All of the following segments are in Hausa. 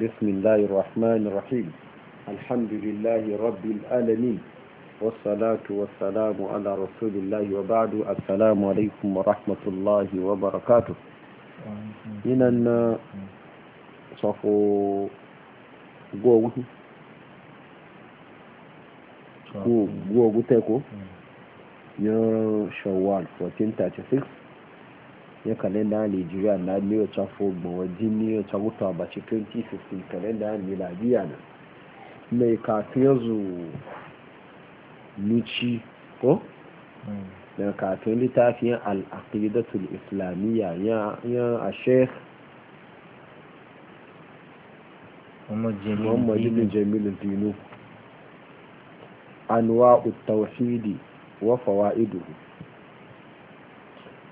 بسم الله الرحمن الرحيم الحمد لله رب العالمين والصلاة والسلام على رسول الله وبعد السلام عليكم ورحمة الله وبركاته من أن صفو قوة قوة تكو يا شوال 1436 ya kalenda nigeria na miyo chafo gbawa jin miyo chagutwa baci 2015 kalenda miladiya na mai kafin yanzu nici ko daga hmm. kafin littafin al'aqidatul islamiyya ya a sheikh muhammadu jamilu dino anwa'u tawhidi wa fawa'iduhu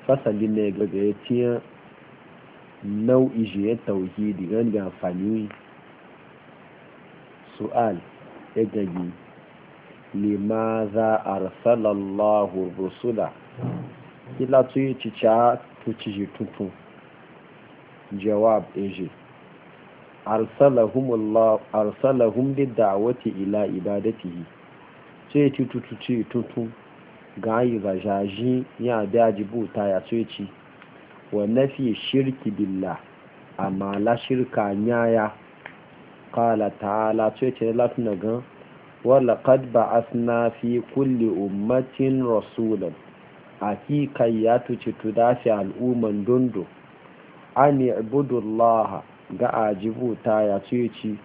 fasalin ne ga ya tiya nau'i shi ya tauhidi gan ga amfani su'al ya za a rasalallahu rusula kila yi cica tuci shi tutu jawab eji arsalahum da dawati ila ibadatihi ce tutu tutu tutu gayi ba jaji ya daji buta ya soci wa nafi shirki biLla, amma la shirka nyaya qala ta'ala soci latuna gan wala qad ba'athna fi kulli ummatin rasulan hakika ya tuci tudafi al'umman dondo an ibudu Allah ga ajibu ta ya soci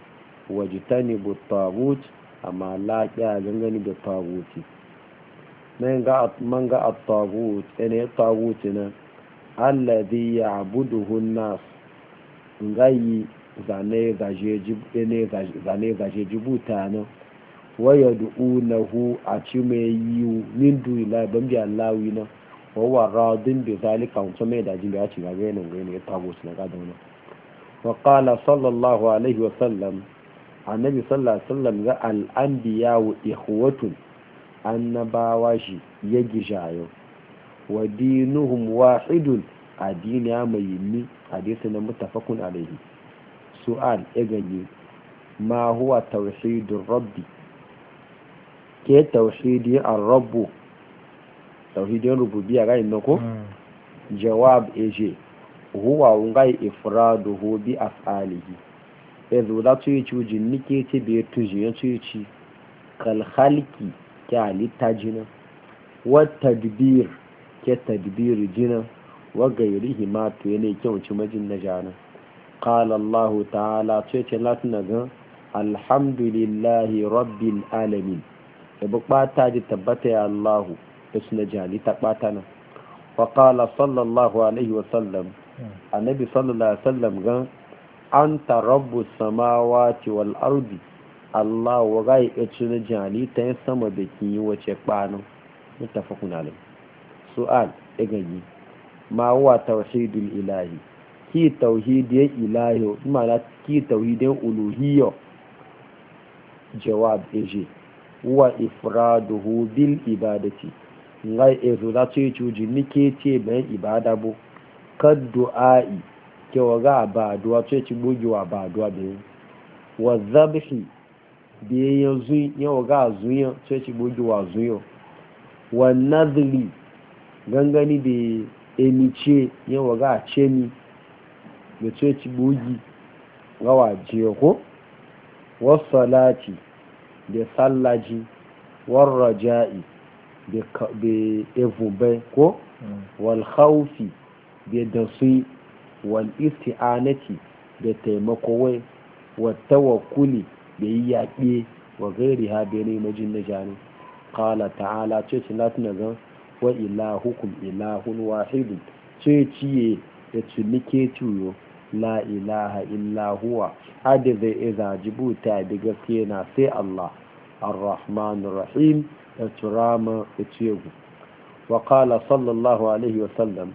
wajitani bu tagut amma la ya gangani da taguti man ga at-tagut ene tagut na alladhi ya'buduhu an-nas ngayi zane gaje jib ene zane gaje jibuta na wa a ci yiwu min du ila ban bi Allah wi na wa wa radin bi zalika kun me da jin da ci ga ne ne ne tagut ne ga dauna wa qala sallallahu alaihi wa sallam annabi sallallahu alaihi wa sallam ga al-anbiya wa ikhwatun annabawa shi ya gishayo wa dinuhum wahidun addini ya mai yimmi hadisi na mutafakun alaihi su'al ya ganye ma huwa tawhidun rabbi ke tawhidi ar-rabbu tawhidin rububiyya ga inna ko hmm. jawab eje huwa ngai ifraduhu bi af'alihi yanzu da tuyi cujin nike ce biyar tuji ya tuyi ci kal ke ta jina wa tadbir ke tadbir jina wa gairi ma to yana wuce majin na jana qala allah ta'ala ce ce na ga alhamdulillahi rabbil alamin da bukata ji tabbata ya allah da suna jali ta bata na wa qala sallallahu alaihi wa sallam hmm. annabi sallallahu alaihi wa sallam ga anta rabbus samawati wal ardi Allah wa gai eci na jani ta yin sama da yi wace kpanin mutafakun alim su'al igagi ma wa tawhidul ilahi ki tauhidin ilahi ma'ana ki tauhidin uluhiyo, jawab eje wa ifraduhu bil ibadati ngai ezo da ce cuji ke ce bayan ibada bu kad du'a'i ke waga ba du'a ce ci bugiwa ba da yi. wa zabhi biyayyen zuyi yawa ga zuyi sai ci bogi wa zuyi wa nazili gangani da emice yawa ga cemi da sai ci bogi gawa ko wasu salati da sallaji war raja'i da evubai ko mm. wal khawfi da dasi wal isti'anati da taimakowai wai wa da yi yaƙe wa gairi ha bene majin na jani kala ta'ala ce ci na zan wa ilahukum ilahun wahidu ce ciye da cinike tuyo la ilaha illa huwa hada zai iza jibuta da gaske na sai Allah ar-rahman rahim da turama da cegu wa kala sallallahu alaihi wasallam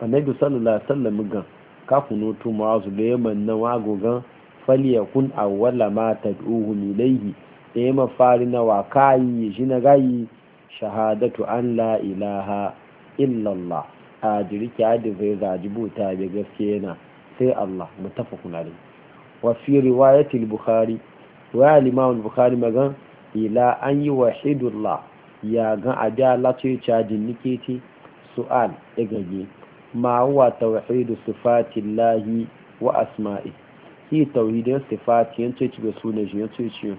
annabi sallallahu alaihi wasallam ga kafin otu ma'azu da yaman na wagogan falyakun awwala ma tad'uhum ilayhi mafari ma farina wa kai jina gai shahadatu an la ilaha illa Allah a jirki hadi zai ta bi gaske yana, sai Allah mutafakun alayhi wa fi riwayatil bukhari wa al-imam bukhari magan ila an yi wahidullah ya ga abiya ce cajin nikiti su'al igage ma huwa tawhidu sifatillahi wa asma'i yi tauhidin sifati yan ce ga suna shi yan ce ce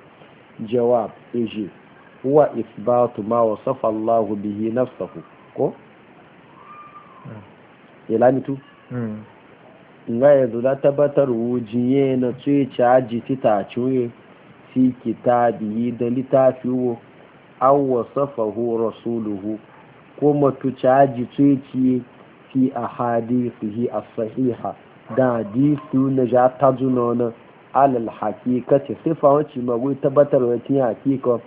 jawab eji huwa isbatu ma wasafa Allahu bihi nafsahu ko hmm. ila mitu hmm. nga yanzu da tabbatar wujiye na ce aji tita cuye fi kitabihi da littafi wo an hu rasuluhu ko matu caji ce ciye fi ahadithihi as-sahiha da su na ja ta juna na alal hakika ce sifa wacce magwai tabbatar wa cin hakika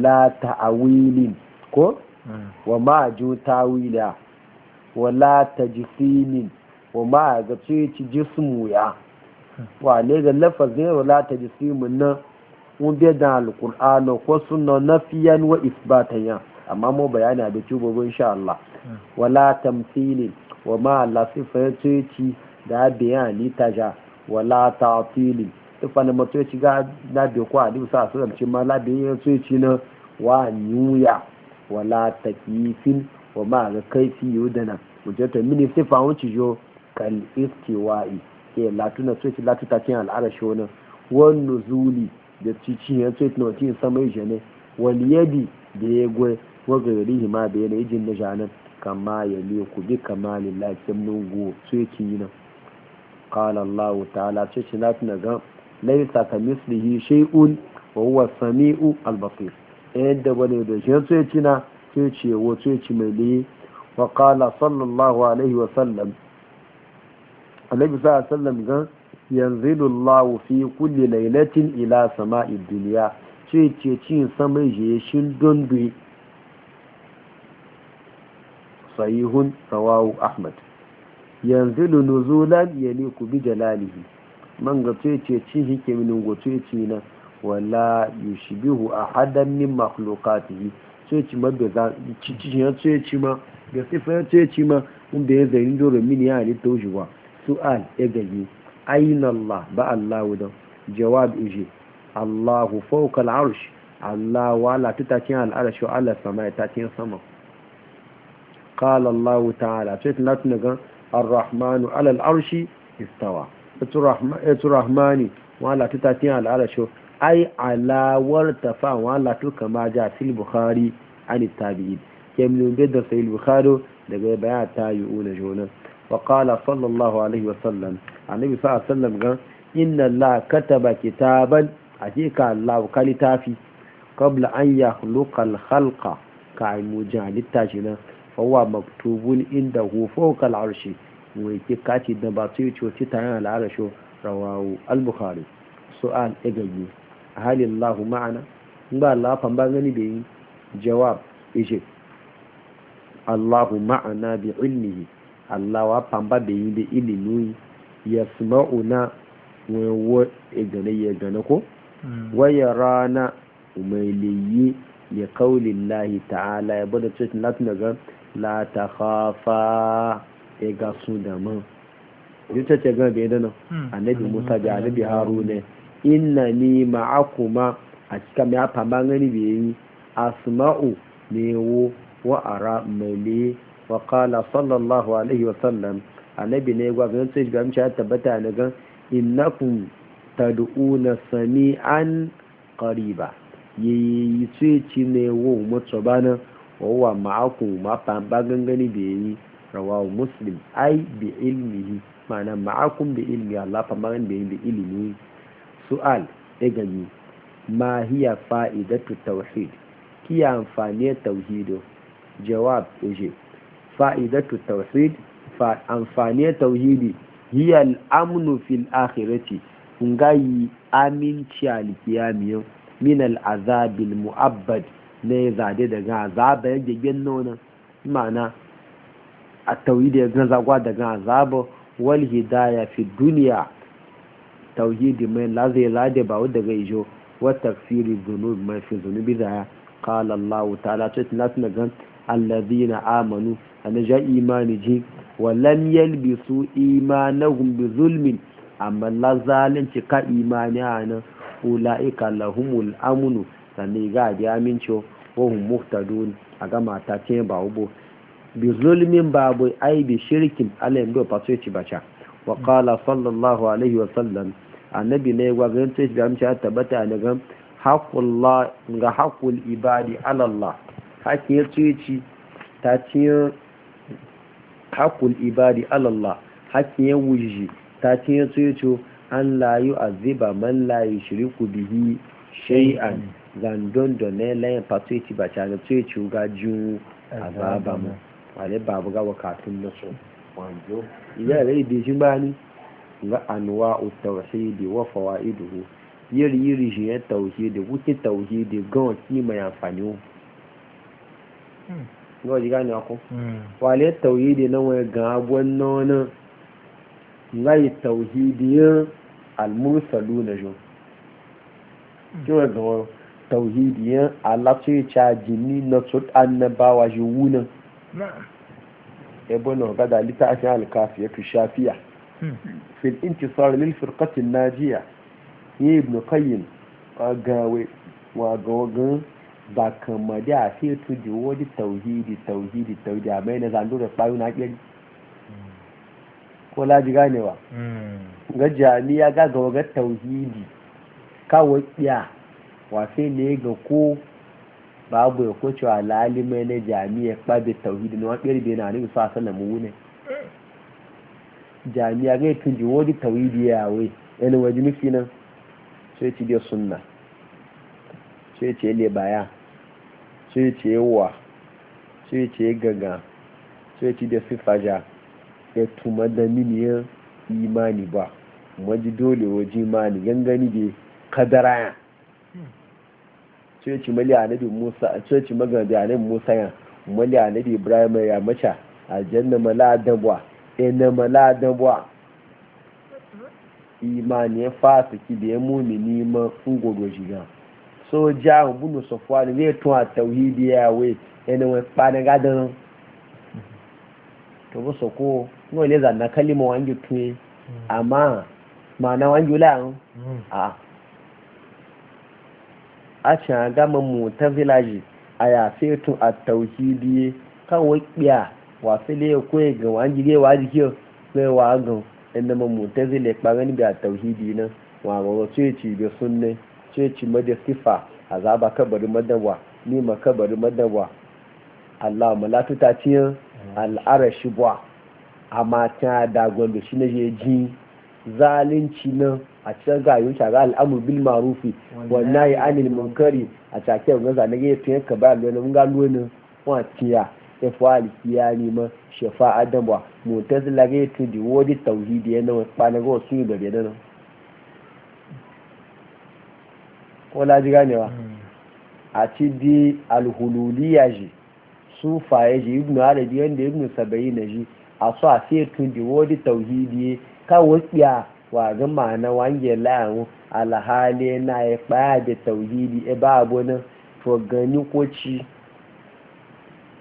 la ta'awilin ko hmm. wa ma ju tawila wa la tajsimin wa ma ga ce ci jismu ya hmm. wa ne ga lafazin wa la tajsimin na mun bi da alqur'ano ko sunna nafiyan wa isbatan ya amma mu bayani da tubo insha Allah hmm. la tamthilin wa ma la sifa ce ci da biya ni taja wala ta'tili ifa na mato ci ga da biyo ko adu sa su ci ma la yin so ci na wa nyuya wala takifin wa ma ga kaifi yudana ta mini sifa wuci jo kal istiwa'i ke latuna so ci latuta cin al'arashi wani wan nuzuli da ci ci ya so ci ci samai jene wal yadi da ya gwe wa ma da yana jin na janan kama ya liku bi kamalillahi kimnin go su ci yi nan qala Allah ta'ala ce shi na tuna ga laisa ka mislihi shay'un wa huwa samiu al-basir eh, yadda bane da shi na sai ce wa sai ci mai ne wa qala sallallahu alaihi wa sallam annabi sallallahu alaihi wa sallam ga yanzilu Allah fi kulli lailatin ila sama'i dunya ce ce ci sama je shin dondo sahihun ahmad yanzu nuzulan ku bi jalalihi man ga ce ci hike min go ce ci na wala yushbihu ahadan min makhluqatihi ce ma da za ci ci ya ce ma ga sifa ya ce ma mun ya zai dole min ya ali tawjiwa su'al ya gaji aina allah ba allah wa jawab uje allah fawqa al-arsh allah wala tutakin al-arsh wa ala samai takin sama qala allah ta'ala ce tunatun ga ar alal arshi istawa etu rahmani wọn láti tàtíyàn al'arasho ai alawar tafa wọn láti kama ja fil bukhari an tabi'in kemlin bedda sai bukhari daga baya ta yi una jona wa sallallahu alaihi wa sallam annabi sa sallam gan inna la kataba kitaban hakika allah ka littafi. kabla an yakhluqa al khalqa ka mujalitta jinan fawa maktubun inda hufo kal'arshi wai ke kati da ba su yi coci ta yana la'arasho rawawu al-bukhari su'al igagi a halin ma'ana in ba Allah fan ba gani da yi jawab ishe Allahu ma'ana bi ilmihi Allah wa fan ba da yi da ilimi ya sma'una wayo igane ya gane ko hmm. waya rana mai liyi ya kaulin lahi ta'ala ya bada cikin latin daga la ta khafa e ga su da mu yuta ce ga bai dana hmm. annabi musa da hmm. annabi haruna inna ni ma'akuma a cikin ya fama gani bai yi asma'u ne wo wa ara mali wa qala sallallahu alaihi wa sallam annabi ne gwa ga sai ga mu tabbata ne gan innakum tad'una sami'an qariba yi ce ci ne wo mutsobana wawa ma'akum ma ba gangani da yi rawahu muslim ai bi ilmihi ma'ana ma'akum bi ilmi Allah fa yi bi ilmi su'al egani ma hiya fa'idatu tauhid kiya amfani tauhido jawab uje fa'idatu tauhid fa amfani tauhidi hiya al-amnu fil akhirati ngayi aminci al min al-azabil mu'abbad ya zade daga azaba ya gegen nuna mana a tauhidi ya gan zagwa daga azaba wal hidaya fi duniya tauhidi mai lazai lade ba daga ijo wa tafsiri zunub mai fi zunubi zaya zaya kala Allah ta'ala ta tana na gan allazina amanu na ja imani ji walam yalbi su imanahum bi zulmin amma la zalunci ka imani ana ula'ika lahumul amunu sannan ga da amincewa wahun muhtadun a gama ta ce ba ubo bi zulmin babu ai bi shirkin alayhi do fato ci bacha wa qala sallallahu alaihi wa sallam annabi ne wa ga ce da mutum ya tabbata ne ga haqqullah ga haqqul ibadi ala Allah haki ya ci ta ci haqqul ibadi ala Allah haki ya wuji ta ci ya ci an la yu'azziba man la yushriku bihi shay'an zandon da ne layin fato ya ci ba ca da to ya ga jiwu a zaba mu wale babu ga wakatun na so wanzo ina da ibi shi ba ni ga anwa utawhidi wa fawaiduhu yiri yiri shi hmm. hmm. ya tauhidi wuce tauhidi gan ki mai amfani ga wajen gane ako wale tauhidi na wani ga abuwan nona ngai tauhidiyar almursalu na jo kiwa ga wani tauhidiyan ala su ya caji ni na ba wa shi wunan ebe na gada shan alkafi ya fi shafiya hmm. fil intisar lil firkatin najiya yi ibn qayyim gawe wa gogan ba kama da a fi tuji wadi tauhidi tauhidi tauhidi a mai na zando da tsayo na kiri ko laji ganewa hmm. ga jami'a ga gawa ga tauhidi kawai tsiya. wafe ne ga ko babu ya kwace wa lalimai na jami'a babu tauhidi na wani bai na nufi sa sanar mu ne jami'a ga tun ji wani tauhidi ya wai yana waje nufi nan sai ci bai sunna sai ce le baya sai ce wa sai ce gaga sai ci bai sifaja ya tuma da miniyan imani ba waje dole waje imani gangani da kadara sai ci mali annabi Musa sai ci magana da annabi Musa ya mali annabi Ibrahim ya macha aljanna mala dabwa ina mala dabwa imani ya fasiki da ya mumini ma ungodo shiga so ja bunu sofwa ne ne tun a tauhidi ya we ina wani kpanin gadon to bu soko n'o le na kalima wangi tuye hmm. amma ma ma'ana wangi wula a a can gama mota village a ya fetu a tauhidi biye kawai biya wa fili ya koya ga wani gire wa jike mai wa gan inda ma zile kpara ni biya tauhidi na wa mawa ceci da sunne ci mada sifa a zaba kabari madawa ma kabari madawa Allah malatu ta ciyar al'arashi ba amma ta dagon da shi na je ji zalunci na. a cikin ga al'amu shaga al'amur bil marufi wannan ya anil munkari a cakiyar cikin zane na gefe yanka ba lona ga lona wa tiya ya fa'ali ya neman shafa da motar zila ga tun di wodi da yana wasu ga wasu yi gari da nan hmm. a ci di alhululiya ji sufa ya ji ibn arabi yadda ibn na a so a tun di tsiya wa ga ma'ana wange la'ahu alhali na ya baya da tauhidi e ba abu nan to gani ko ci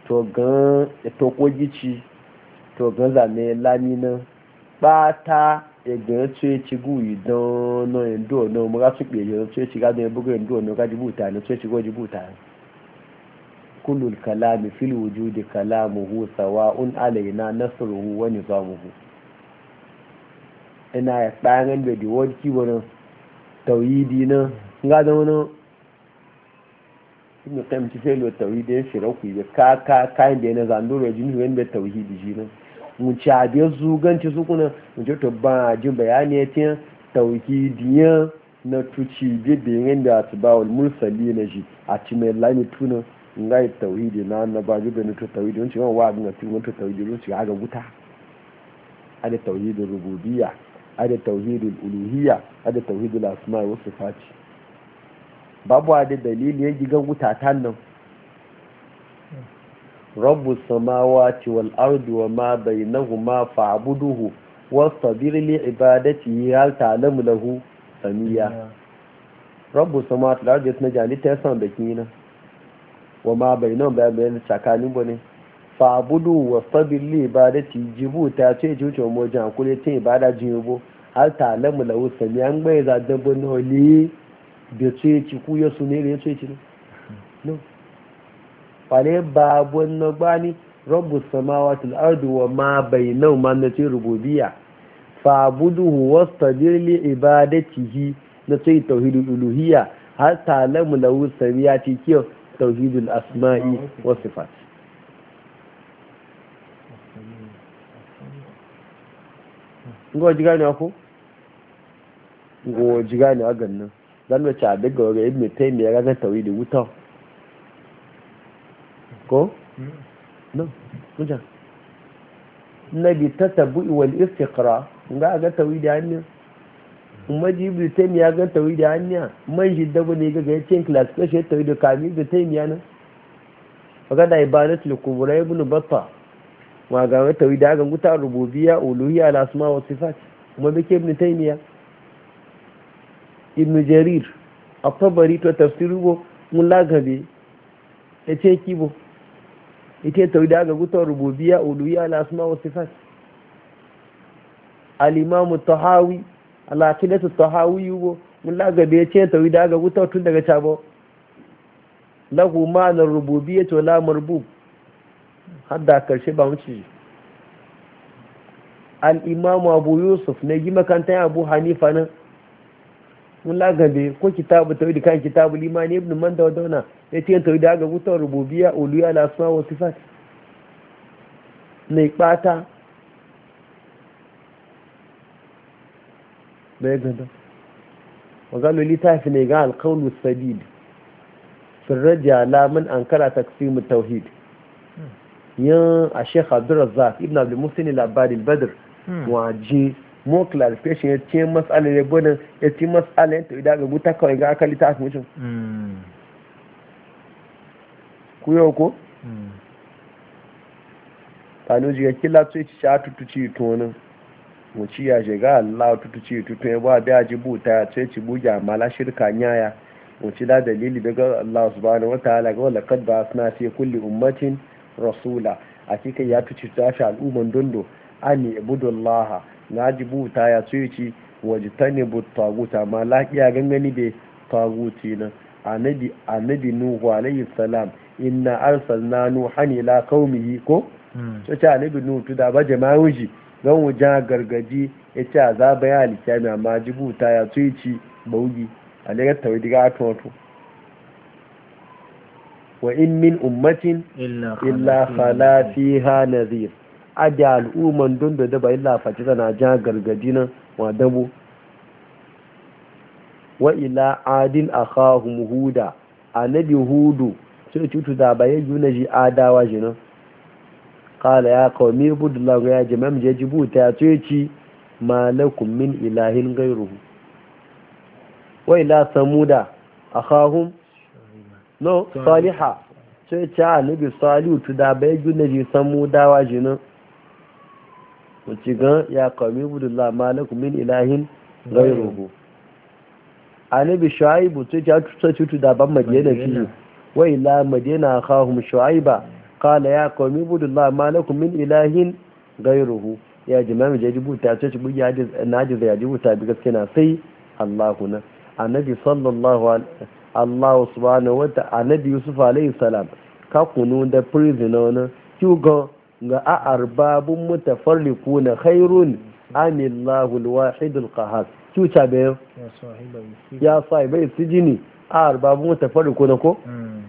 to gan to ko gici to gan zame lami nan ba ta egan tsoye ci guyi don na indo na mu ga tupe yo tsoye ci ga don bugu indo na ga jibuta na tsoye ci go jibuta kullul kalami fil wujudi kalamuhu sawa'un alaina nasruhu wa nizamuhu ina ya tsayan da diwad kiwo nan tauhidi nan ga da wani inda ta mace sai lo tauhidi ya shirya ku yi ka ka kayan da yana zandoro ya jini wani bai tauhidi shi nan mu ci abin su ganci su kuna mu ci to ba jin bayani ya tiyan ya na tuci yin yadda su ba wa mulsali na shi a ci mai lami tunan nga yi tawhidi na na ba jibe ni to wancan wanci wa a ga tu wanci tawhidi wanci ga wuta da tawhidi rububiyya ada tauhidul uluhiyya ada tauhidul asma'i wa sifati babu ada dalili ya gigan tan nan rabbu samawati wal ardi wa ma bainahuma fa'buduhu wastabir li ibadatihi hal ta'lamu lahu samiya rabbu samawati wal ardi na ta yasan da kina wa ma bainahuma bayan bayan tsakanin bane fa'budu wastabir li ibadatihi jibu ta ce jujo mu jan kule tin ibada jin yabo har ta alamu lawu an gbai za da na wani da ce ci ku ya su ne da ya ce ci no kwale ba gwanna gbani rabu samawa tul'ardu wa ma bai nau ma na ce rububiya fa buduhu wasta birni ibadatihi na ce tauhidul uluhiyya har ta alamu lawu sami ya ce kiyar tauhidul asma'i wasu sifat ngo ji gane ko ngo ji gane a gannan zan wace a daga wuri ibn taymiya ga zan tawi da wuta ko hmm. no mujan nabi tatabu wal istiqra nga ga tawi da hanya umaji ibn taymiya ga tawi da hanya man shi dabu ne ga ga cin class ko shi tawi da kami da taymiya nan faga da ibadatul kubra ibn battah ma ga wata wi da guta rububiyya uluhiyya ala asma wa sifat kuma bi ibn taymiya ibn jarir at-tabari to tafsiru bo mun lagabe yace kibo ite tawi da guta rububiyya uluhiyya ala asma wa sifat al-imam tahawi al-aqidatu tahawi bo mun lagabe ta tawi da guta tun daga cabo lahu ma'anar rububiyya wa la marbub har da karshe ba wuce al'imamu abu yusuf na yi makantar abu hanifa nan mun lagabe ko kitabu tawhid kan kitabu limani ibn man da wadana ya ce tawhid ga gutar rububiya uluya la asma wa sifat ne kpata bai gada wagalo littafi ne ga alqawlu sadid sirraja la man ankara taqsimu tauhid yan a sheikh abdurrazzaq ibn abdul musin labari badr wa ji mo clarification ya ce matsalar ya gwanin ya ce matsalar ya tafi daga buta kawai ga akali ta asibiti mutum ku yau ko tano ga kila tsoye ci sha tutuci tonin mu ci ya shiga allah tutuci tutu ya ba biya ji buta ya tsoye ci buga mala shirka nyaya mu ci da dalili daga allah subhanahu wa ta'ala ga wala kadda ba asna fi kulli ummatin rasula a cikin ya fi cuta shi al'umman dondo an laha na ji buta ya tsoye ci waje ta ne bu taguta ma laƙiya gangani da taguti nan annabi nuhu alayhi salam inna arsalna nuhan ila qaumihi ko to hmm. ta annabi nuhu da ba jama'u shi don wuja gargaji ya ce a azaba ya alkiyami amma buta ya tsoye ci baugi a daga tawai diga atoto wa in min ummatin illa fala fiha nazir adi al'umman don da ba illa faci tana ja gargadi nan wa dabo wa ila adin akhahum huda annabi hudu sai cutu da baye na ji adawa ji qala ya qaumi budullahu ya jama'am je jibuta ya ce malakum min ilahin ghayruhu wa ila samuda akhahum no saliha sai ce a nabi salihu tu da bai na ji san mu dawa ji nan wuce gan ya kawai budu lamalaku min ilahin gairuhu a nabi shu'aibu sai ce a tuta cutu da ban madina fiye Wai la madina kahum shu'aiba kala ya kawai budu lamalaku min ilahin gairuhu ya ji mamaye ya buta! sai ci bugi na ji ya buta bi gaske na sai allahu na annabi sallallahu alaihi Allah subhanahu wa ta anabi Yusuf alayhi salam ka kunu da prisoner na kyugo ga a arbabun mutafarriku na khairun amillahu alwahid alqahar kyuta be ya sahibai sijini a arbabun mutafarriku na ko hmm.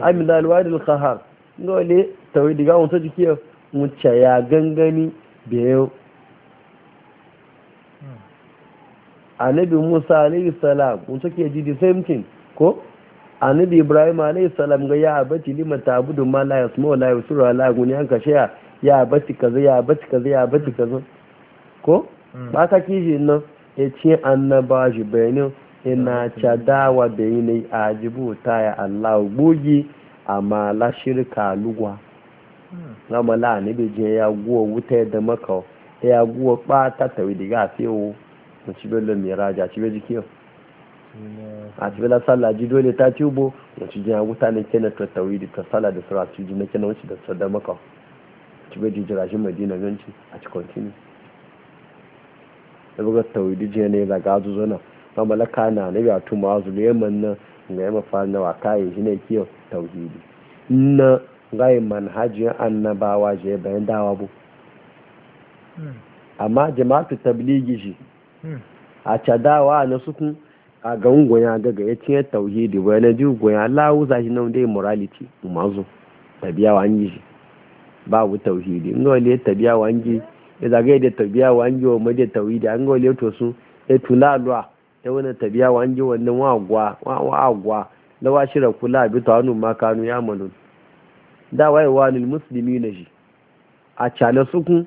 amillahu alwahid alqahar dole tawidi ga wonto jikiyo mutaya ya gangani biyo annabi musa alayhi salam kun take ji the same thing ko annabi ibrahim alayhi salam ga ya abati lima tabudu ma la yasma la yusiru la guni an kashe ya ya abati kaza ya abati kaza ya abati kaza ko hmm. ba ka kiji nan e ci annaba ji bayanin ina hmm. cadawa da yi ajibu ta ya allah gogi amma la shirka lugwa hmm. gama la annabi je ya guwa wuta da maka ya guwa ba ta tawi diga kun ci bello mai raja ci beji kiyo a ci bello sallah ji dole ta ci ubo ya ci jina wuta ne kene ta tawidi ta sallah da sura ci jina kene wuce da sada maka ci beji jira shi madina ganci a ci kontini da buga tawidi jina ne da gazu zona ba malaka na ne ya tuma da yamman na ga yamma fa na wa kai shi ne kiyo tawidi na gai manhajin annabawa je bayan dawa bu hmm. amma jama'atu tabligi shi a cadawa na suku a ga ungoya daga ya cinye tauhidi bai na ji ungoya lawu za shi nan dai morality umazu tabiya wa an yi shi babu tauhidi in wale tabiya wa an ya zagaye da tabiya wa an wa wa made tauhidi an gole to su ya tula alwa ya wani tabiya wa an wannan wa agwa wa shirar kula bi ta wani makanu ya malu da wayewa lil musulmi na shi a cale sukun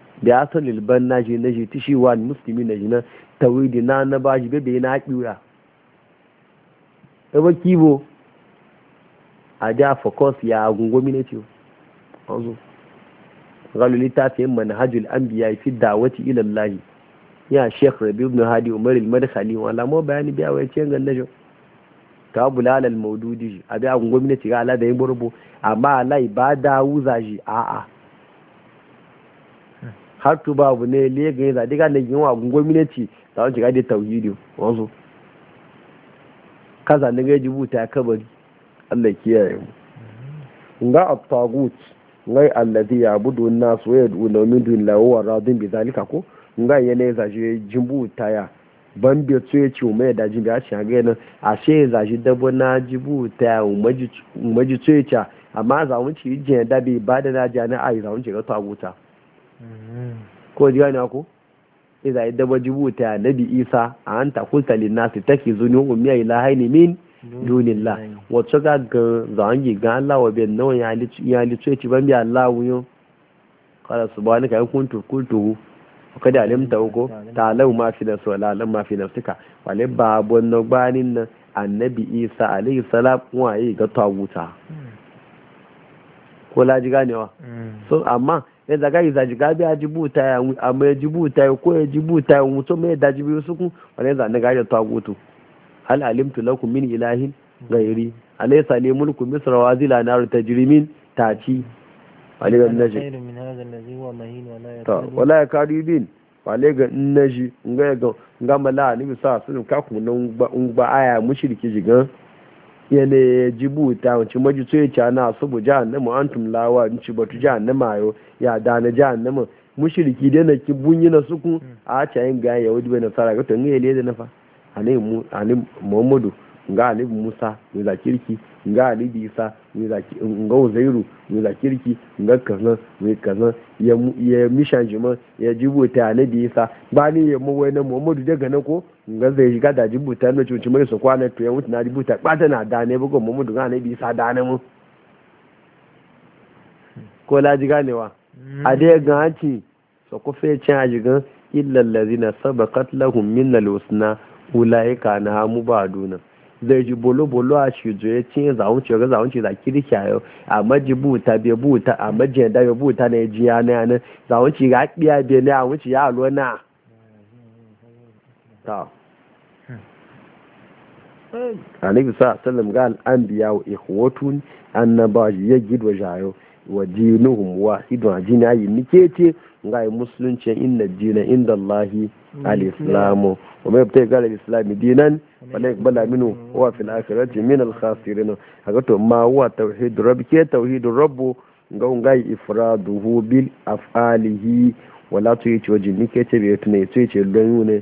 da ya san ban na shi na ta shi wani musulmi na jina tawidi na na ba shi bebe na kiwa ɗaba kibo a da fokos ya agungo ta wanzu galu littafin manhajul biya fi dawati ilan lahi ya Sheikh Rabi ibn Hadi Umar al-Madkhali wa mo bayani biya wai cin ganna jo ta bulal al-mawdudi abi na ce ga ala da yin burbu amma ala ibada wuzaji a'a har tu babu ne lega za zaɗi ne yin wa gwamnati za wani shiga da tauhidi wanzu kaza ne ga jibuta ya kabari Allah kiyaye mu ga at-tagut ngai alladhi yabudu an-nas wa yad'una min dunillahi wa radin bi zalika ko nga yene za je ta ya ban bi tso ya ci umma da jimbi a ci ga nan a she za je dabo na jibuta ya umaji ji tso ya ci amma za mu ci jin da bi ba da na jani a za mu ci ga taguta ko ji gane ku iza idda wajibuta nabi isa an ta kulta linnasi take zuni ummiya ilahaini min dunilla wato ga ga zangi ga Allah wa bin nawa ya li ya li licu ci ban bi Allah wuyo qala subhanaka in kuntu ka da alim kada alimta ta lau ma fi nafsi wala alam ma fi da nafsika wale babon no gbanin nan annabi isa alayhi salam waye ga tawuta hmm. ko laji ganewa hmm. so amma ẹ zaga yi zaji gabi a jibuta ta amma ya jibuta ya ko ya jibuta ya mutum mai daji biyu suku wani ya zane gari ta gutu hal alimtu lakum min ilahin gairi alaysa li mulku misra wa zila naru ta ci wale ga nnaji ta wala ya kari bin wale ga nnaji nga ga nga mala ni sa sun ka kunan ngba aya mushriki jigan yana jibu ta wace maji tsoye ca na asubu an tum lawa in ci batu jahannama yo ya dana jahannama mushriki dai na ki bunyi na suku hmm. a ca yin ga yahudi bai nasara ga tun yele da nafa ani mu ani muhammadu nga ali musa ga kirki ga ali isa mu zaki ga uzairu mu zaki riki ga kazan mai kazan ya mishan jima ya jibuta na da yasa ba ni ya mawai na muhammadu daga na ko in zai shiga da jibuta na cuci mai su kwana to ya mutu na jibuta kwata na da ne bugun muhammadu ga na bi sa da na mu ko laji ganewa mm. a dai ga hanci sa ku fe cin a jigan illallazi na sabakat lahum minal husna ulaika na hamu ba dunan zai ji bolo-bolo a shi zuwa cin zawunci ga zawunci da kirki ayo a maji buta bai buta a maji da be buta na ji ya na yanar zawunci ga biya bai na yawunci ya alo na ta a nabi sa sallam ga al'ambiya wa ikhwatun annabawa ya gidwa jayo wa dinuhum wasidun ajini ayi nike ce ga musulunci inna dina inda Allahi mm. al-islamu wa mai fita ga al-islami dinan wala yakbala minhu wa fil akhirati min al-khasirin haka to ma huwa tauhid rabb ke tauhid rabb ga ga ifraduhu bil af'alihi wala to yace waje nike ce bai tuna yace don ne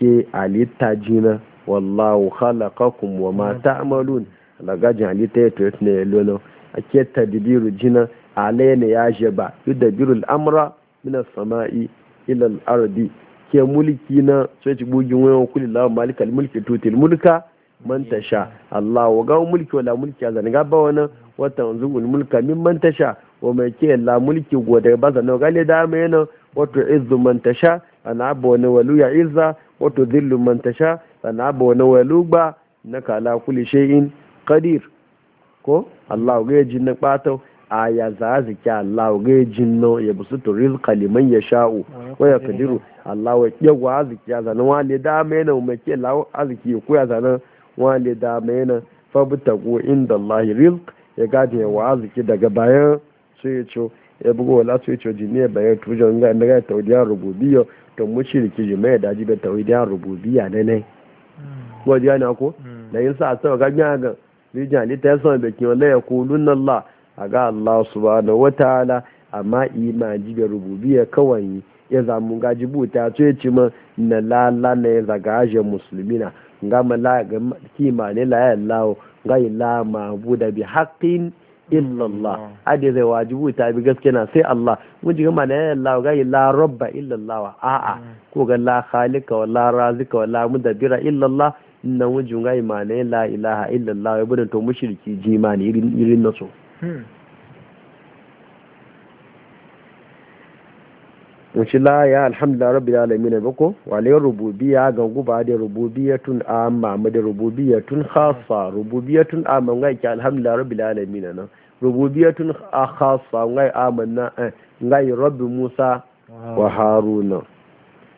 ke alita jina wallahu khalaqakum wa ma ta'malun lagajin alita ya yace lolo ake tadbiru jina alayna ya jaba yudabbiru al'amra min as-sama'i ila al-ardi ke mulki na sai ci bugin wayan kulli lahu malikal mulki tutil mulka man tasha Allah wa ga mulki wala mulki a zanga ba wannan wata zungul mulka min man tasha wa mai ke la mulki gode ba zanga le da mai yana wato izzu man tasha ana abu wani walu ya izza wato zillu man tasha ana abu wani walu ba na kala kulli shay'in qadir ko Allah ga jin na a aya za zike Allah ga jin na ya busu to ya sha'u ko ya kadiru Allah wa ya wa aziki ya zanan wani da mai na umake lawo aziki ko ya zanan wale da mai na fabtagu inda Allah rizq ya gaje wa aziki daga bayan sai ya ce ya bugo wala sai ya ce jinne bayan tujan ga daga tawdiyan rububiyya to mushriki jime da jibe tawdiyan rububiyya ne hmm. ne ko diana ko da yin sa sa ga ga rijiyar halitta ya sama da kiwon ya kulun Allah a ga Allah da wata ala amma ima jibe rububiya kawai ya zamu gaji buta to ya ci ma na lala na ya zaga ajiyar musulmina ga mala ga kima ne la ya lawo ga ila da bi haqqin illallah mm. ade zai wajibu ta bi gaske na sai Allah mun ji gama na lawo ga la rabba illallah a a mm. ko ga la khaliqa wa la razika wa la mudabbira illallah na wujin ga imane la ilaha illallah ya budan to mushriki ji imani irin naso hmm. wuce la ya alhamdulillah rabbil alamin bako wale rububiyya ga guba da rububiyatun amma ma da rububiyatun khassa rububiyatun amma ga ki alhamdulillah rabbil alamin nan rububiyatun khassa ga amanna eh, ga rabbi musa wa haruna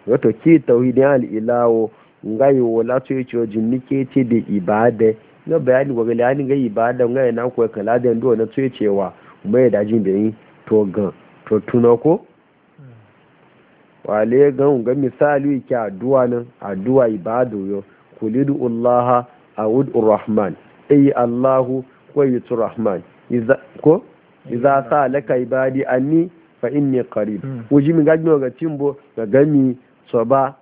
wato ki tauhidin al ilawo nga yi wola to yi cewa jini ke ce e da ibada nga bayani wa gali ga ibada nga yana kuwa kala da yadda wani to yi cewa mai da jin da yi to ga to tuna ko wale ga ga misali ki aduwa nan aduwa ibada yo kulidu ullaha awud urrahman ayi e allahu ko tu rahman ko iza sa laka ibadi anni fa inni qarib hmm. uji mi gajmo ga timbo ga gami ba.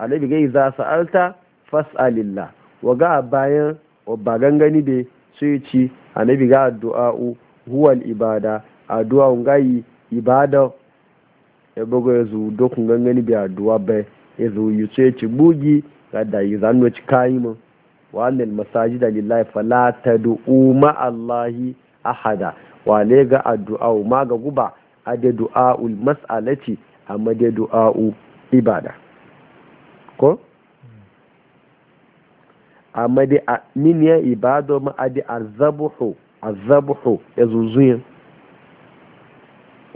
annabi gai za su alta fas'alillah wa ga bayan ba gangani be sai ci annabi ga addu'a'u huwal ibada addu'a ngai ibada ya bugo ya zu dokun gangani be addu'a be ya zu yi ci bugi ga da yi zanno ci kayi mu wa annal masajida lillahi fala tad'u ma allahi ahada wa le ga addu'a ma ga guba ade du'a'ul mas'alati amma de ibada ko amma dai a miniya ibado ma di a arzabuhu ya zuzu yin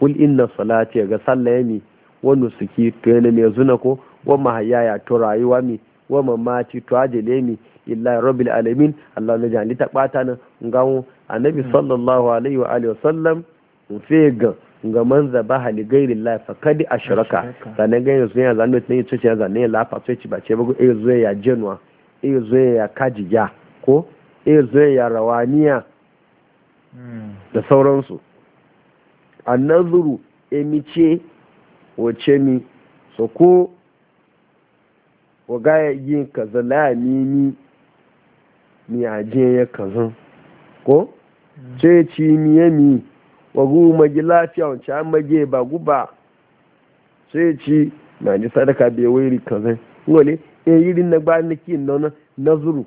kul inna salati ga sallah mi wani su to yana ne zuna ko wa ya to rayuwa mi wa mamaci to ajele mi illa rabbil alamin Allah na jani ta bata nan ngawo annabi mm. sallallahu alaihi wa alihi wasallam mu fe ga ga man zaba hali gairin lafa kadi a shiraka sannan yanzu ya zanen tunan yi ya zanen ya lafa tuce ci ce bugu iya zuwa ya jenuwa iya ya kajiya ko iya ya rawaniya hmm. da sauransu a nazuru emice wace mi so ko wa gaya yin kaza lami ni mi ajiye ya kaza ko ce hmm. ci mi ya mi wagu magi lafiya wancan an mage ba guba sai ci na ji sadaka bai wairi kazan wale eh, in rin na ba na ki na na zuru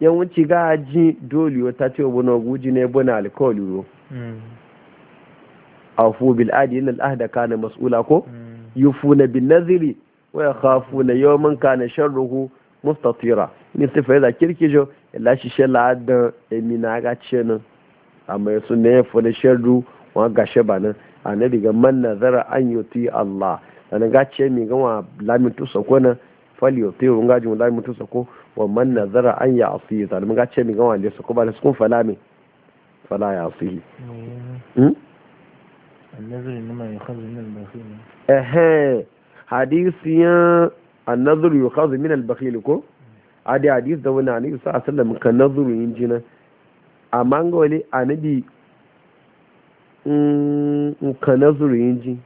yan wuce ga ji dole wata ce wani na guji ne bana alkoholi ro hmm. fu bil adi inal ahda kana mas'ula ko hmm. na bin naziri wa yakhafuna yawman kana sharruhu mustatira ni sifa da kirkijo lashe shi emina ga nan amma yasu na ya fi sharru wa gashe ba nan na ga man nazara an yuti Allah ana ga gace mi gama lamintu lamin sako na fali yuti wa ga jin lamin sako wa man nazara an yi asi yi ga gace mi gama wa le sako ba le sukun fala mi fala ya asi hmm? Hmm? hadisi hadisiyan annazuru yukhadhu min al-bakhil ko adi hadisi da wani annabi sallallahu alaihi wasallam kan nazuru yin jinan amma ga wale anabi mm, nkan nazuru yin ji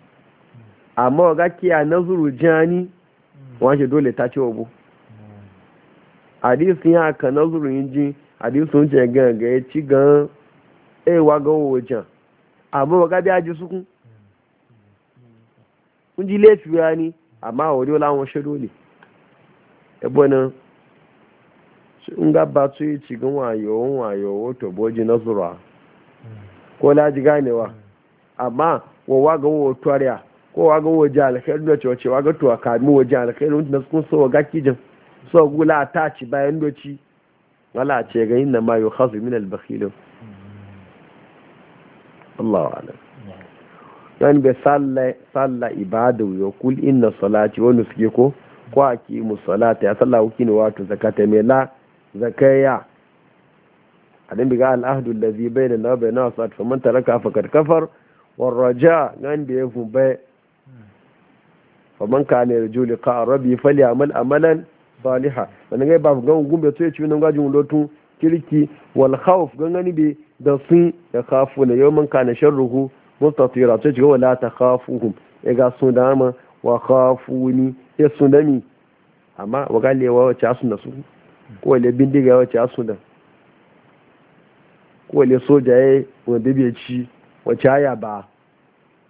amma wa gaki a nazuru jani wace dole ta ce wabu hadisun ya ka nazuru yin ji hadisun ce ganga ya ci gan ewa ga e wajen amma wa gabi aji sukun kun ji laifi ya ni amma wa dole an washe dole ebonan nga ba su yi cikin wayowon wayowo to boji na zura ko laji ganewa amma wa waga wa tuwariya ko waga wa ji alkhairu da ce wacewa, ga tuwa kami wa ji alkhairu da sun so wa gaki jin so gula ta ci bayan doci wala ce ga yin na ma yi hasu min albakhilin Allah alam dan be salla salla ibadu ya kul inna salati wa nusuki ko ko aki musalata ya salla ne wato zakata me la zakaya adin biga al'ahdu bai bayna na bayna wasat talaka a fakar kafar wa raja nan da yafu bai faman kana yarju liqa rabbi falyamal amalan saliha wani gai babu gan gumbe to yaci nan gajin lotun kirki wal khawf gani bi da sun ya kafu na yawman kana sharruhu mustatira to yaci wala takhafuhum ya ga sun dama wa kafuni ya sunami amma wa galewa wace asun da su kowane bindiga ya wace asuna kowane soja ya wanda bai ci wace haya ba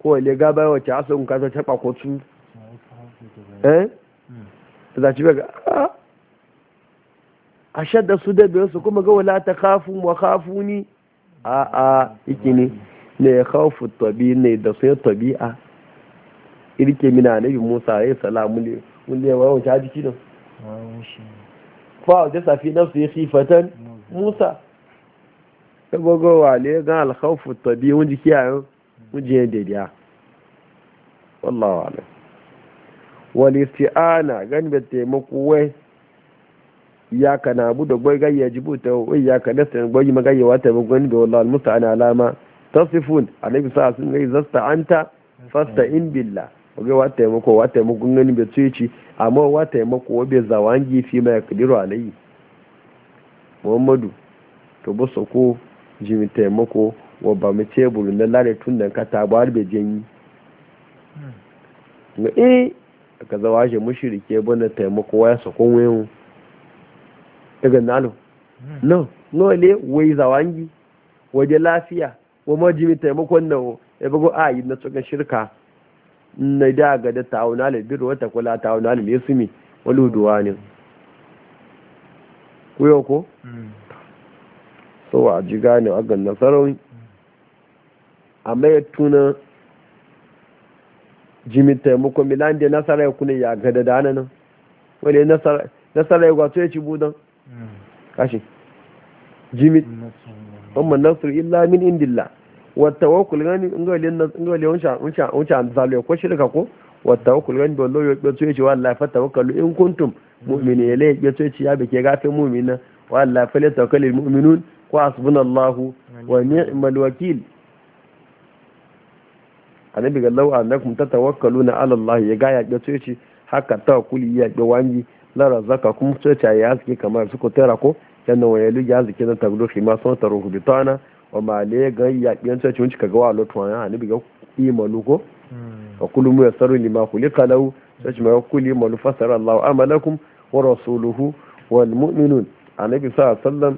kowane gaba ya wace asun kasa taɓa kotu eh ta zaci bai ga a shadda su da biyar su kuma ga wala ta kafu wa kafu ni a a ikini ne ya kafu tabi ne da sun tabi'a irke mina nabi musa ya salamu ne wanda ya wawan shi a fawa jasa fi nafsu ya sifatan musa ta gogowa ne ga alhaufu tabi wun jiki a yau wujiyar daidiya wallawa ne walisti'ana ganibin taimako wai ya ka na abu da gwai gayya jibu ta wai ya ka nasta gwai magayyawa ta magwani da wallawa almusta ana alama tasifun a nabi sa sun gai zasta anta fasta in billah ga wa taimako wa taimako gani bai tsoye ci amma wa taimako wa bai zawangi fi mai kadiru alayi muhammadu to ba su ko jimi taimako wa ba mu tebulu na lare tun da ka tabu har bai janyi ga eh ka zawa shi mushrike bane taimako wa ya sakon wayo daga nalo no no le wai gi waje lafiya wa jimi taimakon na ya bago a yi na tsogon shirka na da ga da tauna le birri wa taqwa ta'awuna lil ismi wal udwani ku kuyo ko mm. so a ji gane a gan nasarori A mai tuna jimi taimako milan da nasara ku kuna ya gada da nan wani nasara ya gwato ya ci budan mm. kashi jimi amma nasiru illa min indillah wata wakul gani ngali wunsha wunsha wunsha zalu ya kwashi daga ko wata wakul gani don loyo ya ce wallahi fa wakalu in kuntum mu'mini ya lai ya ce ya bake gafin mu'mina wallahi fa la tawakkalul mu'minun ko hasbunallahu wa ni'mal wakil annabi ga ta annakum tatawakkaluna ala allah ya ga ya ce ce haka tawakkuli ya ga wangi lara zaka kuma ce ya haske kamar suko tera ko yana wayalu ya na tagluhi ma sun taruhu bitana wa male ga yaƙin sai cin cika gawa lotuwa ya hannu biga malu ko wa kullu mu yasaru ma kuli lahu sai ci ma kulli malu fasara Allahu amalakum wa rasuluhu wal mu'minun annabi sallallahu alaihi wasallam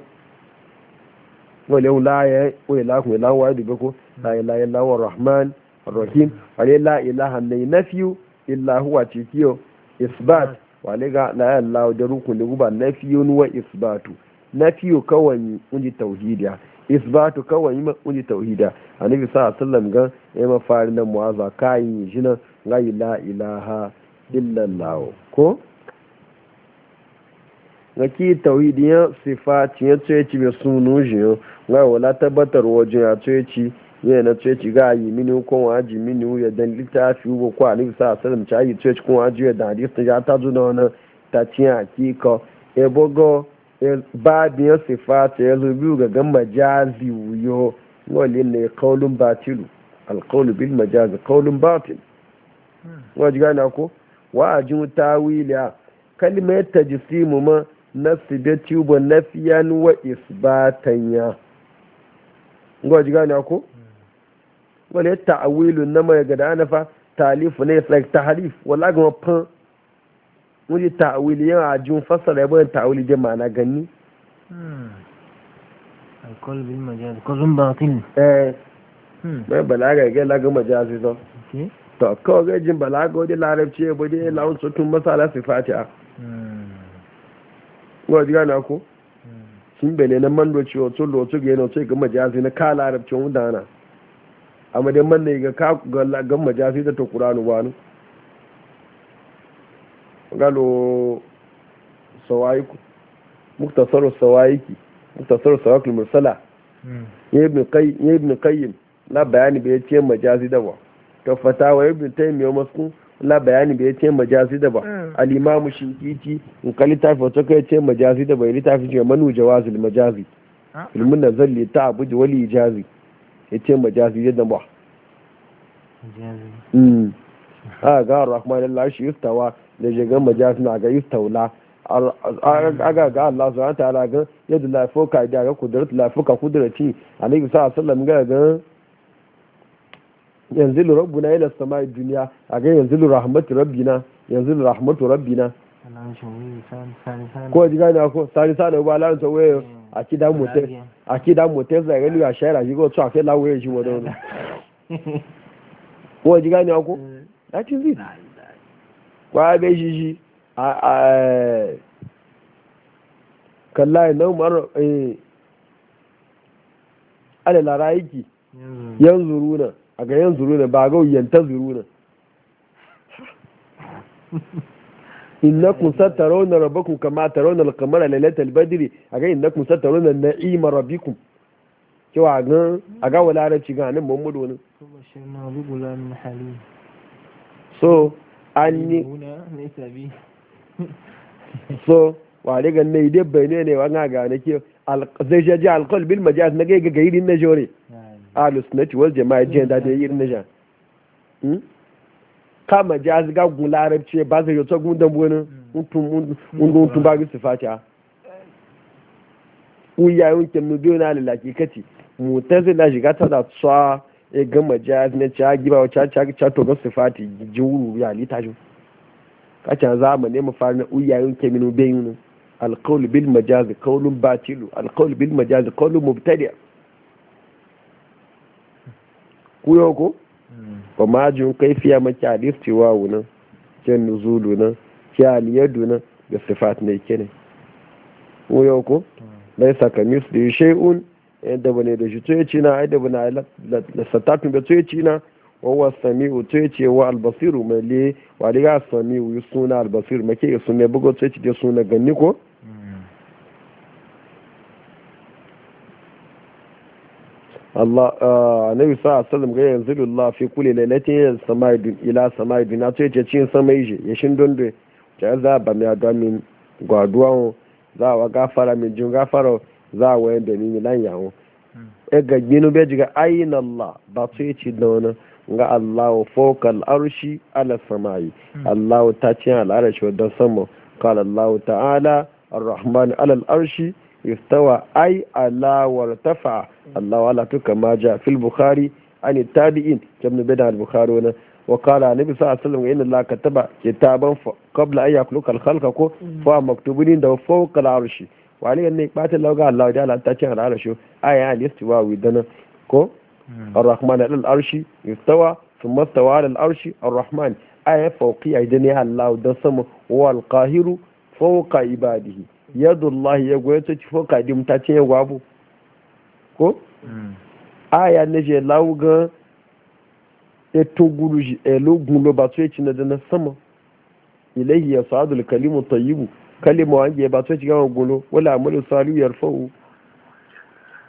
wale la ya wale la kuma la wa dubi ko la ilaha illa huwa rahman rahim wale la ilaha ne nafiyu illa huwa tikiyo isbat wale ga la ilaha da rukun da guba nafiyun wa isbatu nafiyu kawai unji tauhidiya isbatu kawai yi matsuni tauhida a nufi sa a sallam gan ya mafari na muwaza kayan yi jinan rayu la ilaha illallahu ko naki tauhidi ya sifati ya tsoye ci mai sunu shi yau ga wala tabbatar wajen ya tsoye ci ya na tsoye ci ga yi mini ko waji mini ya dan littafi ugbo ko a nufi sa a sallam ci yi tsoye ci ko waji ya dan hadisi ta ta zo wani ta ci ebogo babiyar sifata ya zo biyu ga gan majazi wuyo wani ne kaulun batilu alkaulu bil majazi kaulun batil waji gana ko wa a jin tawiliya kalmar ta mu ma na sibe tubo na fiyan wa isbatan ya waji gana ko wani ta'awilu na mai gada na fa talifu ne like taharif wala gama pan wani ta'awili yana ajiyun fassara yabon ta'awili da ma'ana gani hmm. alkol bin majaz ko batil eh bai hmm. balaga ga laga majazi don to kawai jin balaga wadda larabci ya bude hmm. lawun sutun masala sifati a wadda gana ko sun bene na mando ciwo tun lotu ga yana ce ga majazi na ka larabci wanda ana amma dai man ne ga ga da ta kuranu wani galo sawaiku muktasar sawaiki muktasar sawaiku mursala ya hmm. ibn qayyim la bayani bai ce majazi da ba to fatawa ibn taymiyyah masku la bayani bai ce majazi da ba hmm. al-imam shinkiti in ka littafi wato kai ce majazi da bai littafi ce manu jawazil majazi ah. ilmin nazar li ta abuji wali jazi ya ce majazi da ba hmm. ha. ga rahman allah shi yustawa da shigan majalis na ga taula aga ga Allah ta ala ga yadda la foka da ga kudratu la a kudrati alaihi sallam ga ga yanzu rabbuna ila samai duniya a ga yanzu rahmatu rabbina yanzu rahmatu rabbina ko ji gani ko sari sa da ba la to wayo a mote akida mote za ga ni a shaira ji go to akai yanzu shi ji ko ji gani ko eh. that is it kwa bai shi shi a eh, kallaye na umar eh, ala larayiki yan zuruna a ga yan zuruna ba ga yanta zuruna innakum satarawna rabbakum kama tarawna albadiri qamara laylatal badri aga innakum satarawna na'ima rabikun cewa ga aga wala raci ga nan Muhammadu ne so anni so wale ga ne dai bai ne wa ga ne ke zai jaji alkol bil majaz na ga ga irin na jore alus na ci wal jama'a jiyan da dai irin na ja hmm? ka majaz ga gun larabci ba zai yoto gun dan wani mutum mun gun ba ga sifata uyayen kin nubiyo na lalaki kace mutazila shiga ta da tsawa e gama jaz ne cha giba cha cha cha to ga sifati jiwuru ya li ta ju ka cha za mu ne mu fara na uyayin keminu bayinu alqawl bil majaz qawlun batil alqawl bil majaz qawlun mubtadi' ku yo ko ba ma jun kaifiya maki alistiwa wuna ken nuzulu na ke aliyadu na da sifat ne kene ku yo ko da hmm. kamisli shay'un yadda bane da shi tuye cina ai da bane la satafin to tuye cina wa wa sami'u tuye ce wa albasiru mai le wa liga sami'u yi suna albasiru make yi suna bugo tuye ce suna ganni ko Allah ah, annabi sa sallam ga yanzu lillah fi kulli lailatin ila samai dun ila samai dun ato yace cin samai je ya shin dondo ta za ba mi adamin gwaduwa za wa gafara min jin gafara za a wayar da nini lan yawo e hmm. ga ginu be jiga ayin Allah ba su yi ci dona ga Allah wa fokal arshi ala samai hmm. Allah ta ci al-arshi wadda sama qala Allah ta'ala ar-rahman ala arshi istawa ay ala wartafa hmm. Allah wala tuka ma ja fil bukhari an tabi'in kamar bada al-bukhari wa وقال النبي صلى الله عليه وسلم ان الله كتب كتابا قبل ان ko fa فهو مكتوب da فوق arshi. wani ganin ɓata lauga Allah da Allah ta ce a shi aya ya listi wa widana ko ar-rahman al arshi yustawa thumma stawa al arshi ar-rahman aya fawqiya idan Allah da sama wal qahiru fawqa ibadihi yadu Allah ya goye ta ci fawqa dim ta ce ya gwabu ko hmm. aya ne je lauga e togulu ji e logun lo ba to e ci na dana sama ilayhi yasadul al kalimu tayyibu kalima wange ba sai shiga gulo wala amalu salu yarfa'u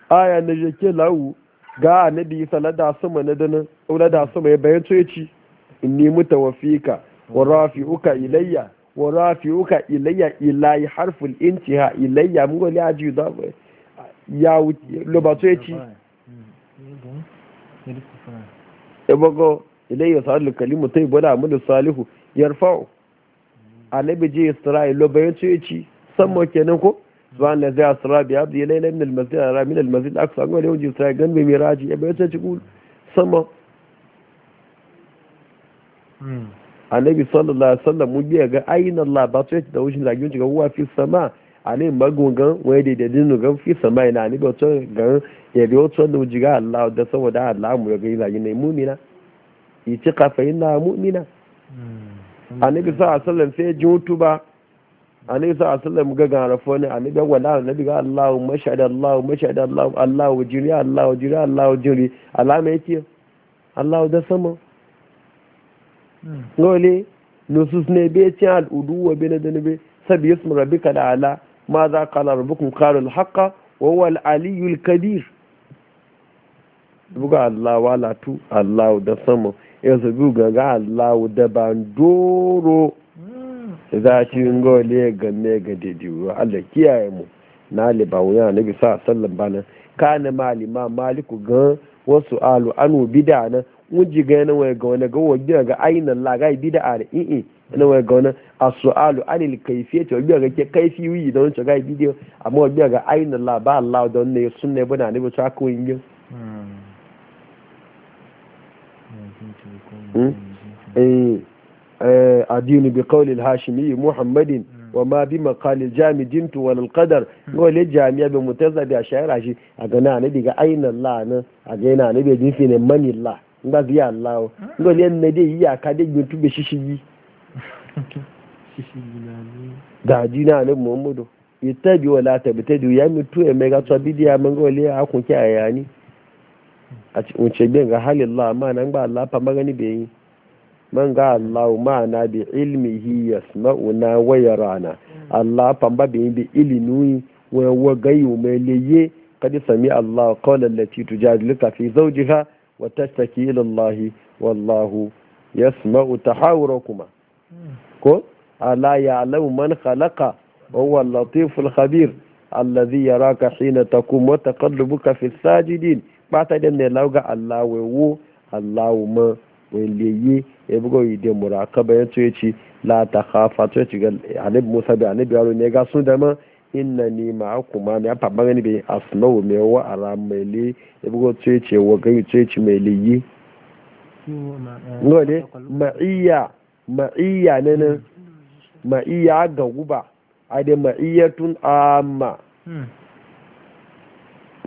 aya je ke lawu ga annabi salada sama na dana da sama ya bayan to yaci inni mutawaffika wa rafi'uka ilayya wa rafi'uka ilayya ilahi harful intiha ilayya mun gole aji da ya lo ba to yaci ebogo ilayya salu kalimu tayyib wala amalu salihu yarfa'u annabi je isra'i lo bayan ce ci san mo kenan ko zuwa na zai asra bi abdi layla min al a ramin min da aka aqsa yau je isra'i gan be miraji ya bayan ce ci kul san mo annabi sallallahu alaihi wasallam mu biya ga ainihin allah ba ce da wushin da gunji ga wuwa fi sama ani magungan wani da dinu gan fi sama ina ni ba ga gan ya biyo to da ga allah da saboda allah mu gani ina ne mu'mina yi ci kafa na mu'mina annabi sa asalin sai ji hutu ba annabi sa sallam ga garafo ne annabi wala annabi ga Allahu mashhad Allahu mashhad Allahu Allahu jiri Allahu jiri Allahu jiri alama yake Allahu da sama hmm. ngole nusus ne be ci al udu wa bin danbe sabi yasmu rabbika da ala ma za qala rabbukum qalu al haqa wa huwa al aliyyu al kabir buga Allah wala tu Allah da sama ya zabi gaga allahu da ban doro hmm. za a cikin gole ya game ga daidaiwa allah kiyaye mu na libawu yana na sa sallan bana malima maliku wasu alu na ga yana ga wani ga ga ainihin a da i'i yana ga wani a su'alu ga ke kaifi wuyi da wani bidiyo amma ga ainihin la ba da wani bana Hmm? Eh, eh, adinu bi qawli muhammadin hmm. wa ma bi maqali jamidin tu wala hmm. jami'a bi mutazza bi ashara shi a gana ne diga aina allah ne a ga ne bi jinsi ne mani allah ngba bi allah ngo le ne de de tu be shishigi da ne muhammadu ya mutu e mega to bidiya a cikin bin ga halillah ma nan ba Allah fa magani bai yi man ga Allah ma na bi ilmihi yasma'una wa yarana Allah fa ba bai bi ilimi wa wa gayu mai leye kadi sami Allah qala allati tujadiluka fi zawjiha wa tashtaki ila Allah wallahu yasma'u kuma ko ala ya ya'lamu man khalaqa wa huwa al-latiful khabir الذي يراك حين تقوم وتقلبك في sajidin pata dem ne lauga Allah we wo Allah ma we leye e bugo ide murakaba ya tuye ci la ta khafa tuye ci gal Musa bi anib ne ga sun da ma inna ni ma kuma ne apa bangani asnaw me wa e bugo wa yi ngode ma'iya ne ne ga guba ade ma'iyatun amma hmm.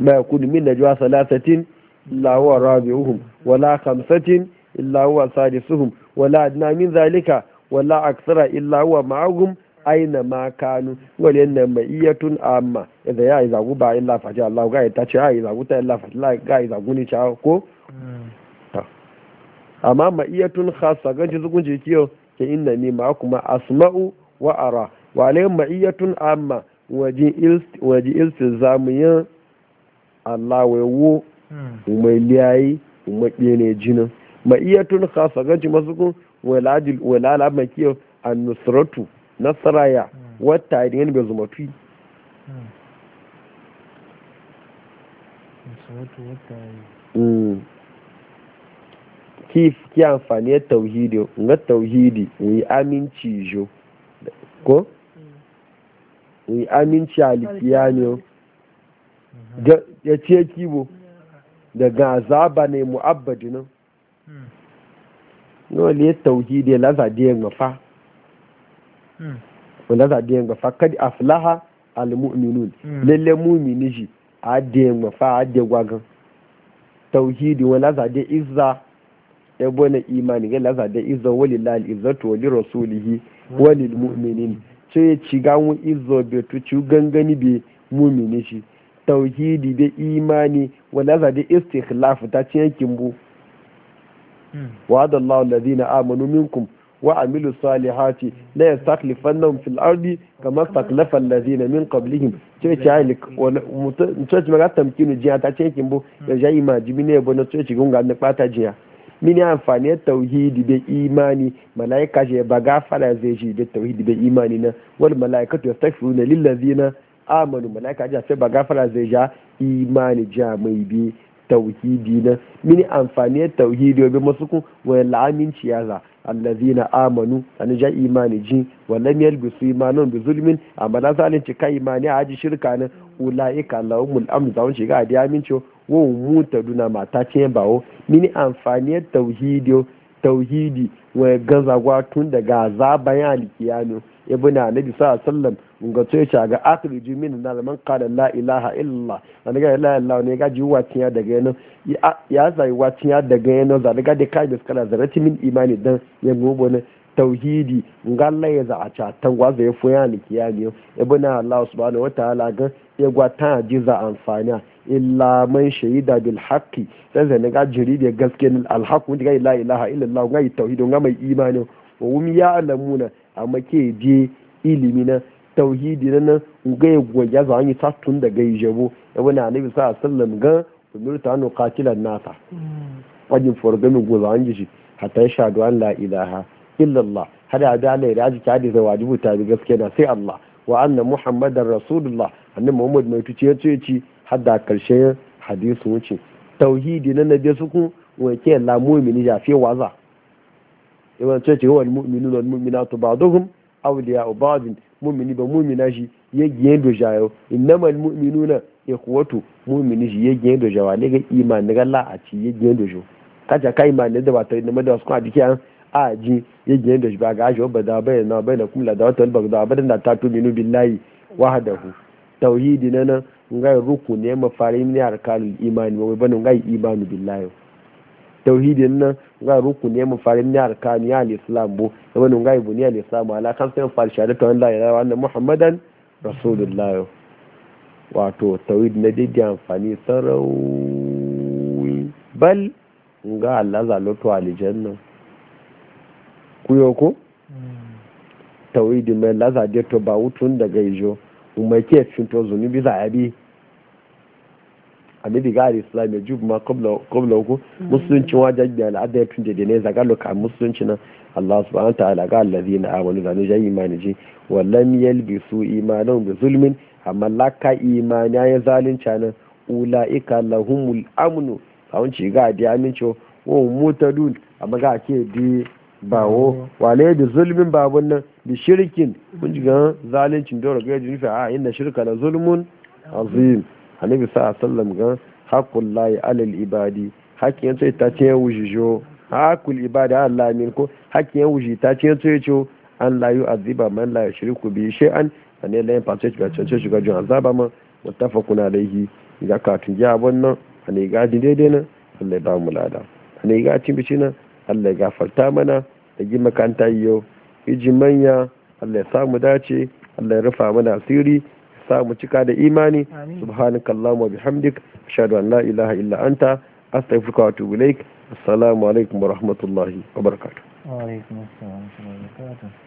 ma yakunu min najwa salasatin illa huwa rabi'uhum wala khamsatin illa huwa sadisuhum wala adna min zalika wala aksara illa huwa ma'ahum aina ma kanu wal yanna ma'iyatun amma idan ya izagu ba illa fa Allah ga ita ce ya izagu ta illa fa Allah ga izagu ni cha ko amma ma'iyatun khassa ga ji zugun ji kiyo ke inna ni ma kuma asma'u wa ara wa alayhi ma'iyatun amma waji ilst waji ilstizamu Allah wo hmm. umai liyayi umai ɗene jinin ma iya tun kasa ganci masu kun wala la mai kiyo a nusratu nasaraya hmm. wata idan yana bai zuma tuyi hmm. kif ki amfani ya tauhidi nga tauhidi yi aminci jo ko yi aminci alikiya ne ya ce kibo daga zaba ne mu'abbadi nan hmm. no le tauhidi la za de ngafa wanda za de ngafa kad aflaha al mu'minun hmm. lalle mu'mini ji a de ngafa a de gwagan tauhidi wala za de izza ya bona imani ga laza da izza walillahi izzatu wa lirasulihi hmm. wa lilmu'minin sai ci gawo izzo betu ci gangani be mu'mini shi tauhidi da imani wa za da istikhlaf ta ci yankin bu hmm. da Allah alladhina amanu minkum wa amilu salihati saklifan nan fil ardi kama stakhlafa alladhina min qablihim ce ce ai ce ce tamkinu jiya ta ci yankin bu da hmm. yi ma jibine bono ce ce gunga na bata jiya mini amfani ya tauhidi da imani malaika ya baga fara zai shi da tauhidi da imani na wal malaikatu yastaghfiruna lil lillazina amanu malaika ja sai ba gafara zai ja imani ja mai bi tauhidi na mini amfani tauhidi wa bi masukun wa la'aminci ya za allazina amanu an ja imani ji wa lam yalbisu imanan bi zulmin amma na ci kai imani a ji shirka na ulaika lahumul amn zawun shiga adi aminci wa muta duna mata ce bawo mini amfani tauhidi tauhidi wa gaza tun daga azaban alkiyano ya bi na nabi sa sallam ga to ya ga akhiru jumin na man qala la ilaha illallah dan ga la ilaha ne ga jiwa tiya daga yana ya zai wa tiya daga yana za daga da kai biskala zarati min imani dan ya gobo tauhidi ngalla ya a catan tangwa zai fuya ni kiyami ya bi na Allah subhanahu wataala ga ya ta ji za amfani illa man shaida bil haqqi sai zai ga jiri da gaskiya al haqq wanda ga la ilaha illallah ga tauhidin ga mai imani wa hum ya'lamuna amma ke je ilimi na tauhidi na nan ga ya gwaja za yi da gai yijabo ya wani anabi sa sallam ga ta hannu katilan nasa hmm. Wajen forgami goza an gishi hata ya shaɗu an la ilaha illallah hada da Allah ya ji hadisa wajibu ta bi gaske na sai Allah wa anna muhammadar rasulullah hannu muhammad mai tuce yace ci hadda karshen hadisi wuce tauhidi na nabi kun wake la mini ya waza yawan ce ce yawan mu'minu da mu'minatu ba'dhum ba dogon awliya ubadin mu'mini ba mu'mina shi ya giye da jayo innama mu'minuna ikhwatu mu'mini shi ya giye da jawa ne ga imani ga la a ci ya giye da jo kaja kai imani da ba ta da madawa su dike an a ji ya giye da shi ba ga jo ba da ba na ba na kuma da wata bagda ba da ta tu minu billahi wahdahu tauhidi nan ngai ruku ne mafarin ne arkanul imani wa banin ngai imanu billahi tauhidin nan ga ruku ne mu farin ni arkani ya al-islam bo saboda nun ga ibuni al-islam ala kan sai far shahada ta la ya illa muhammadan rasulullah wato tauhid na dai amfani sarawi bal ga Allah za lotu aljanna yo ko hmm. tauhid mai laza to ba wutun daga ijo umma ke finto zunubi za abi annabi gari islam ya jubu ma kobla uku musulunci wajen biya al'adar ya tunje da ne zaga loka musulunci na Allah subhanahu wa ta'ala ga allazina zane zanu yi imani ji wa bi su imanan bi zulmin amma laka imani ya zalunci nan ika lahumul amnu kawun ci ga da aminci wa dun amma ga ke di bawo wale da zulmin babun nan da shirkin kun ji ga zaluncin dora ga junufi a ah, inna shirka la zulmun azim annabi sa sallam ga haqqul lahi alal ibadi hakin yace ta ce wujijo hakul ibadi Allah min ko hakin ya wuji ta ce yace yace an la aziba man la yushriku bi shay'an ne la yin pace ga cece shiga jin azaba ma muttafaqun alayhi ga katun ja wannan ne ga din daidai nan Allah ba mu lada ne ga cin bici nan Allah ya gafarta mana da gi makanta yau iji manya Allah ya samu dace Allah ya rufa mana asiri sa mu cika da imani subhanaka allahumma bihamdik ashhadu an la ilaha illa anta astaghfiruka wa atubu ilaik assalamu alaikum wa rahmatullahi wa barakatuh wa alaikum assalam wa rahmatullahi wa barakatuh